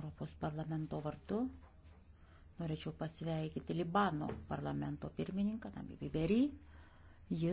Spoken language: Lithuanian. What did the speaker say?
Europos parlamento vardu norėčiau pasveikinti Libano parlamento pirmininką Nami Biberį. Jis